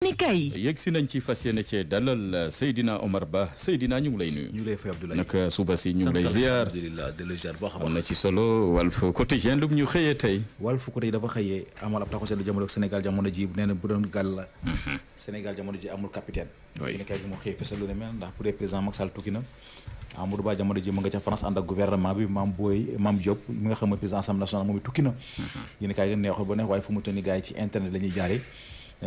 kay yegg si nañ ci fas yéene cee dalal euh, Seydina Omar Ba Seydina ñu ngi lay nuyu. ñu lay fay Abdoulaye nag suba si ñu ngi lay ziar alhamdulilah di la ziar baax a baax. am na ci solo Walf Quotidien lu ñu xëyee tey. Walf Quotidien dafa xëyee amal ab taxaw seetlu jamono ak Sénégal jamono ji nee na bu doon gàll la. Mhm. Sénégal jamono ji amul capitaine. oui yéen a kaay gi moo xëyee fësal lu ne mel ndax bu dee président Macky Sall tukki na. Amadou Ba jamono ji mu nga ca France ànd ak bi Mame Boye Mame Diop mi nga xam président assemblée nationale tukki na. Mhm. yéen a kaay gi neexul ba ne waaye fu mu la ñuy jaaree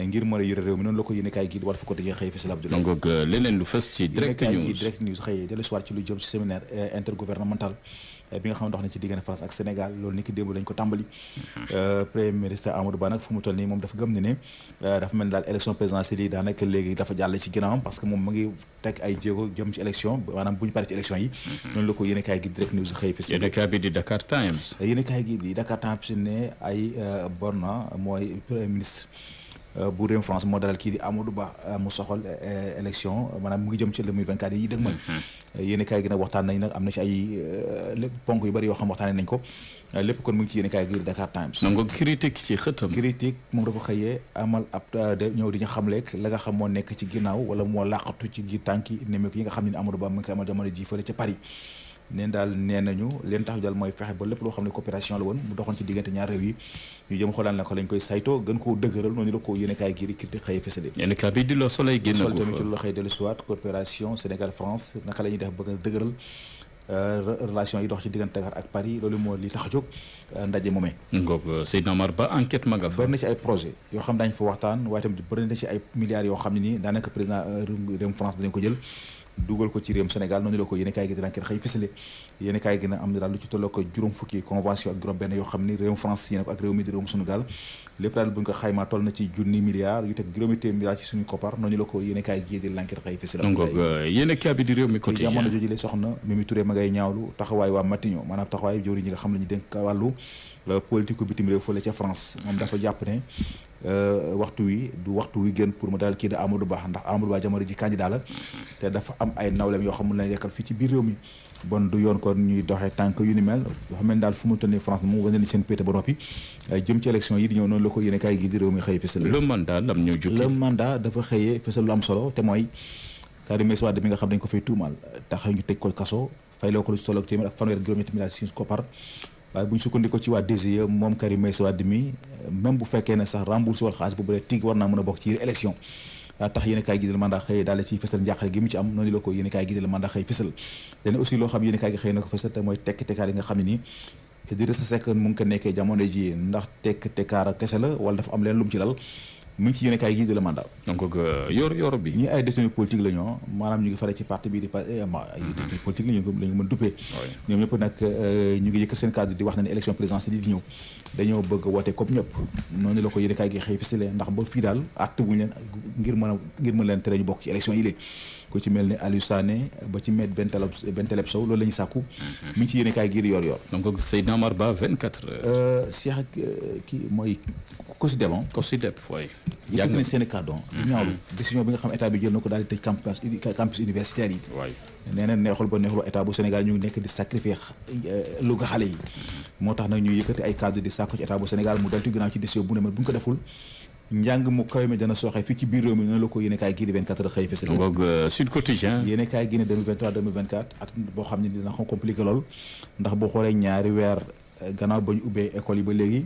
ngir mën a yore réew mi noonu la ko yéene euh, gi direct news yéene kaay gi ngi teg ay jéego jëm ci élection maanaam bu ñu paree ci élection yi mhm. noonu la ko yéene kaay gi direct news xëy fësal yéene kaay bi di Dakar Times yéene gi di Dakar Times ne ay euh, Borna mooy premier ministre Euh, bu réew France moo dalal kii di Amadou Ba euh, mu soxal euh, élection maanaam mu ngi jëm ci 2024 yi dëgmal mm-hmm. yéen kaay gi nag waxtaan nañ nag am na ci ay lépp ponk yu bari yoo xam waxtaanee nañ ko lépp kon mu ngi ci yéen kaa gi di Dakar Times nango critique ci xëtam critique moom dafa xëyee amal ab ñëw di nga xam leeg la nga xam moo nekk ci ginnaaw wala moo laqatu ci gi tànki nemmeeku yi nga xam ne Amadou Ba mu ngi koy amal jamono ji fële ca Paris neen daal nee nañu leen tax daal mooy fexe ba lépp loo xam ne coopération la woon mu doxoon ci diggante ñaar réew yi ñu jëm xoolaan la ko lañ koy saytoo gën koo dëgëral noonu la ko yéen kaay gii di critique xëy fësale yéen bi di la soleil génn ko fa tamit la xëy dellu siwaat coopération Sénégal la ñuy def ba nga dëgëral euh, relation yi dox ci diggante Dakar ak Paris loolu moo li tax a jóg euh, ndaje moomee. ngoog euh, Seydina ci ay projet yoo xam daañu fa waxtaan waaye tamit bëri na ci ay milliards yoo xam ne nii daanaka président réewum ko jël dugal ko ci réewum Sénégal noonu la ko yéen gi dina kenn xëy fësale yéen gi na am na daal lu ci tolloo juróom fukki convention ak juróom benn yoo xam ni réew mi di réewum Sénégal lépp daal bu ñu ko xaymaa toll na ci junni milliards yu teg juróomi téeméer ci suñu koppar noonu la ko yéen gi di lanket xëy fësale yéen bi di réew mi côté jamono jooju le soxna Mimi Touré ma ngay ñaawlu taxawaay waa Matignon maanaam taxawaay jëwri ñi nga xam ne ñu dénk wàllu euh, politique bitim réew fële ca France moom dafa jàpp ne Euh, waxtu wi du waxtu wi gën pour mu dalal kii di Amadou Ba ndax Amadou Ba jamono ji candidat la te dafa am ay nawleem yoo xam ne la yekkal fii ci biir réew mi bon du yoon ko ñuy doxee tànk yu ni mel xam ne daal fu mu toll nii France mu wane ni seen pété ba noppi ñëw noonu la xëyee fësal dafa xëyee lu am solo te mooy Karim Meïssa Wade mi nga xam dañ ko fay tuumaal tax ñu tëj ko kaso fay loo ko lu solo ak téeméer ak fanweer juróom-ñetti milliards ci koppar waaye bu ñu sukkandikoo ci waa DGE moom Karim Meïssa Wade mi même bu fekkee ne sax remboursé wal xaalis bu bëree tig war naa mën a bokk ci yéen élection tax yéen kaay gi dal mandat xëy ci fësal njàqare gi mu ci am noonu la ko yéen kaay gi dal mandat xëy fësal leneen aussi loo xam yéen kaay gi xëy na ko fësal te mooy tekk tekkaar yi nga xam ne nii Idrissa Seck mu ngi ko nekkee jamono ji ndax tekk tekkaar kese la wala dafa am leen lu mu ngi ci yéen a de la mandat. donc euh, bi. ñii ay détenus politique la ñoo maanaam ñu ngi fare ci parti bi di eh, ay mhm. détenus ñu la duppee. ñoom ñëpp nag euh, ñu ngi yëkkat seen kàddu di wax ne élection présidentielle di ñëw dañoo bëgg woote comme ñëpp noonu la ko yéen a kaay gi xëy fësale ndax ba fii daal àtte wuñu leen ngir ngir mën leen tere ñu bokk ci élection yi lée ku ci mel ne Aliou Sané ba ci met benn talab benn talab sow loolu la ñu sàkku mhm. mi ngi ci yéen a kaay gii di yor yor donc Ba 24 euh, Cheikh yàgg na seen i kàddoon di ñaawlu décision bi nga xam état bi jël na ko daal di tëj campus campus universitaire yi nee na neexul ba neexul état bu Sénégal ñu nekk di sacrifier euh, lu ga xale yi mm-hmm. moo tax nag ñu yëkkati ay kàddu di sàkku ci état bu Sénégal mu deltu ginnaaw ci décision bu ne ko deful njàng mu kawe mi dana sooxee fii ci biir réew mi noonu la ko yéene kaay gii di 24 heures xëy fësal ngoog ne 2023 2024 at boo xam ne dina ko compliqué lool ndax boo xoolee ñaari weer euh, gannaaw ba ubbee école yi ba léegi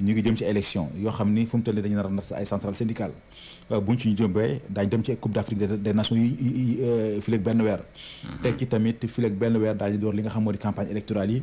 ñu ngi jëm ci élection yoo xam ni fu mu toll nii dañu nar a natt ay centrale syndicale euh, buñ ci ñu jëmbee daañu dem ci coupe d' afrique des yi euh, fileeg benn weer. Mhm. tekki tamit fileeg benn weer daañu door li nga xam moo di campagne électorale yi.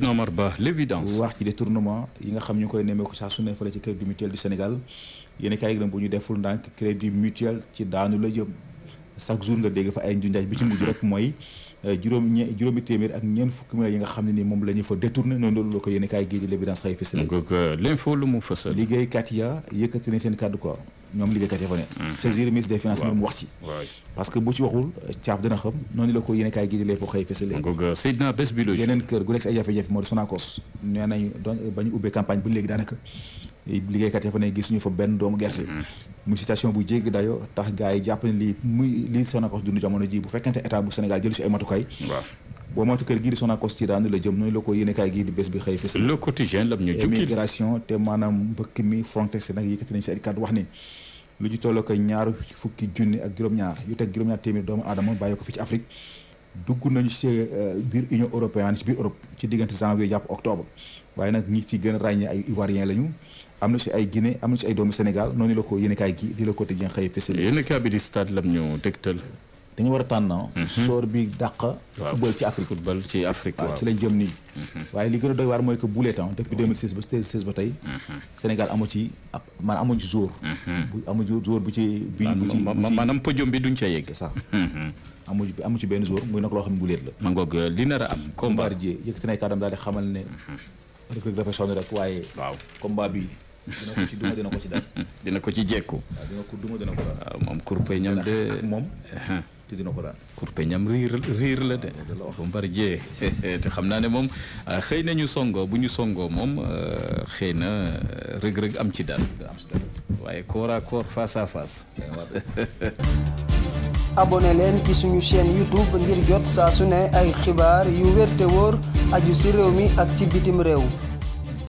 Seydina Omar Ba l'évidence wax ci détournement yi nga xam ñu ngi koy nemmeeku saa su ne fële ci crédit mutuel du Sénégal yéen kaay gi bu ñu deful ndànk crédit mutuel ci daanu la jëm chaque jour nga dégg fa ay njunjaaj bi ci mujj rek mooy euh, juróom ñe juróomi téeméer ak ñeent fukki millions yi nga xam ne ni moom la ñu fa détourné noonu loolu la ko yéen kaay gii di l'évidence xëy fësal. donc l'info lu mu fësal. liggéeykat ya yëkkati nañ seen kàddu quoi. ñoom liggéeykat yi fa ne mm-hmm. saisir ministre des finances mu wax ci parce que bu ci waxul caaf dina xam noonu la ko yéen kaay gi di lay foo xëy fësale yeneen kër gu nekk si ay jafe-jafe moo di ñu ubbee campagne bu fa benn doomu gerte mm-hmm. muy situation bu jéggi dayo tax gars jàpp ne lii muy lii Sonacos dund jamono ji bu fekkente état bu Sénégal jël si ay matukaay boo moytu kër gi di Sonacos ci daanu la jëm noonu la ko yéenekaay gii di bés bi xëy fës le quotidien lam maanaam mbëkk mi Frontex nag yëkkati nañ si ay kàddu wax ni lu ñu tolloo ñaar fukki junni ak juróom-ñaar yu teg juróom-ñaar téeméer doomu aadama bàyyi ko fi ci dugg nañu ci euh, biir Union européenne ci biir ci diggante janvier jàpp octobre waaye nag ñi ci gën a ràññee ay Ivoirien lañu am na si ay gine am na si ay doomu Sénégal noonu la ko yéenekaay gii di le quotidien xëy fës yéenekaay bi di stade lam ñu dégtal dañu war a tànn. Ah. Mhm. soor bi daq football ci Afrique. football ci Afrique waaw ci lañ jëm nii. Mhm. waaye li gën a doy waar mooy que bu def ah, depuis 2016 ba 16 ba tey. Mhm. Sénégal amu ci ab man amuñ ci jour. bu amu ci jour bu ci bi bu maanaam podium bi duñ ca yegg. c'est ça. amu ci amu ci benn jour muy nag loo xam ne bu leet la. ma ngoog li nar a am. combat Bombardier yëkkati na ay kàddam daal di xamal ne. rek rek dafa sonn rek waaye. waaw combat bi. dina ko ci duma dina ko ci dal. ko ci jekku. waaw ko ah, moom kurpe ñam de kurpe ñam riir riir la de. Bombardier te xam naa ne moom ah, ah, xëy na ñu songoo bu ñu songoo moom xëy na rëg-rëg am ci daal. waaye corps à corps face à ci suñu chaîne YouTube ngir jot saa su ay xibaar yu wér te aju si réew mi ak ci bitim réew.